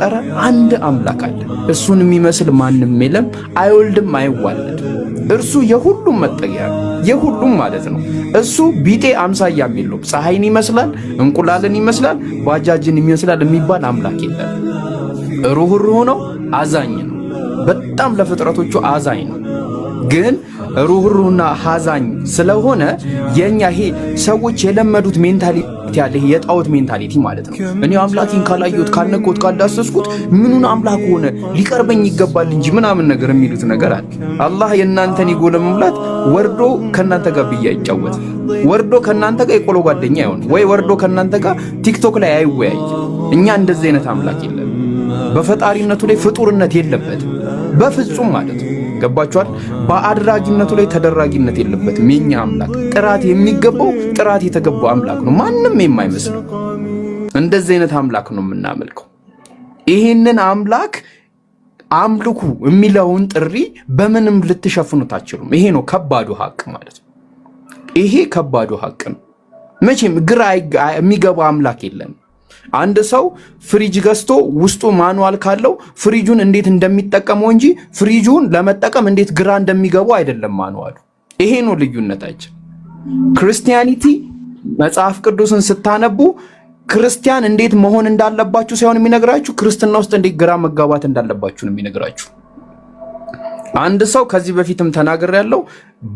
ጠረ አንድ አምላክ አለ። እሱን የሚመስል ማንም የለም። አይወልድም፣ አይዋለድ። እርሱ የሁሉም መጠጊያ ነው፣ የሁሉም ማለት ነው። እሱ ቢጤ አምሳያ የለውም። ፀሐይን ይመስላል፣ እንቁላልን ይመስላል፣ ባጃጅን ይመስላል የሚባል አምላክ የለም። ሩህሩህ ነው፣ አዛኝ ነው። በጣም ለፍጥረቶቹ አዛኝ ነው ግን ሩህሩህና ሀዛኝ ስለሆነ የኛ ይሄ ሰዎች የለመዱት ሜንታሊቲ ያለ ይሄ የጣዖት ሜንታሊቲ ማለት ነው። እኔ አምላኬን ካላየሁት ካልነኮት ካልዳሰስኩት ምኑን አምላክ ሆነ ሊቀርበኝ ይገባል እንጂ ምናምን ነገር የሚሉት ነገር አለ። አላህ የእናንተን ኢጎ ለመሙላት ወርዶ ከእናንተ ጋር ብያ አይጫወት፣ ወርዶ ከእናንተ ጋር የቆሎ ጓደኛ አይሆን፣ ወይ ወርዶ ከእናንተ ጋር ቲክቶክ ላይ አይወያይ። እኛ እንደዚህ አይነት አምላክ የለም። በፈጣሪነቱ ላይ ፍጡርነት የለበትም በፍጹም ማለት ነው። ገባችኋል? በአድራጊነቱ ላይ ተደራጊነት የለበትም። የኛ አምላክ ጥራት የሚገባው ጥራት የተገባው አምላክ ነው። ማንም የማይመስል እንደዚህ አይነት አምላክ ነው የምናመልከው። ይህንን አምላክ አምልኩ የሚለውን ጥሪ በምንም ልትሸፍኑት አትችሉም። ይሄ ነው ከባዱ ሀቅ ማለት ነው። ይሄ ከባዱ ሀቅ ነው። መቼም ግራ የሚገባ አምላክ የለም። አንድ ሰው ፍሪጅ ገዝቶ ውስጡ ማኑዋል ካለው ፍሪጁን እንዴት እንደሚጠቀመው እንጂ ፍሪጁን ለመጠቀም እንዴት ግራ እንደሚገቡ አይደለም ማኑዋሉ። ይሄ ነው ልዩነታችን። ክርስቲያኒቲ መጽሐፍ ቅዱስን ስታነቡ ክርስቲያን እንዴት መሆን እንዳለባችሁ ሳይሆን የሚነግራችሁ ክርስትና ውስጥ እንዴት ግራ መጋባት እንዳለባችሁ ነው የሚነግራችሁ። አንድ ሰው ከዚህ በፊትም ተናገር ያለው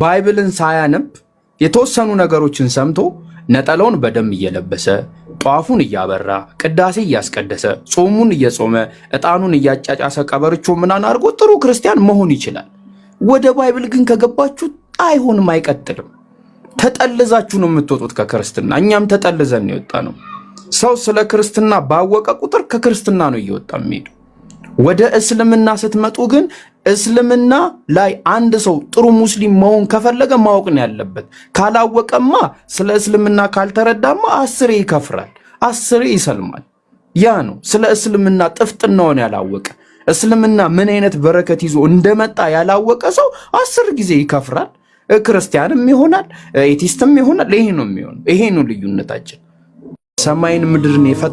ባይብልን ሳያነብ የተወሰኑ ነገሮችን ሰምቶ ነጠላውን በደም እየለበሰ ጧፉን እያበራ ቅዳሴ እያስቀደሰ ጾሙን እየጾመ ዕጣኑን እያጫጫሰ ቀበርቾ ምናን አድርጎ ጥሩ ክርስቲያን መሆን ይችላል። ወደ ባይብል ግን ከገባችሁ አይሆንም፣ አይቀጥልም። ተጠልዛችሁ ነው የምትወጡት ከክርስትና። እኛም ተጠልዘን ነው የወጣ ነው። ሰው ስለ ክርስትና ባወቀ ቁጥር ከክርስትና ነው እየወጣ የሚሄዱ። ወደ እስልምና ስትመጡ ግን እስልምና ላይ አንድ ሰው ጥሩ ሙስሊም መሆን ከፈለገ ማወቅ ነው ያለበት። ካላወቀማ ስለ እስልምና ካልተረዳማ አስሬ ይከፍራል፣ አስሬ ይሰልማል። ያ ነው ስለ እስልምና ጥፍጥናውን ያላወቀ እስልምና ምን አይነት በረከት ይዞ እንደመጣ ያላወቀ ሰው አስር ጊዜ ይከፍራል። ክርስቲያንም ይሆናል፣ ኤቲስትም ይሆናል። ይሄ ነው የሚሆነው። ይሄ ነው ልዩነታችን። ሰማይን ምድርን የፈ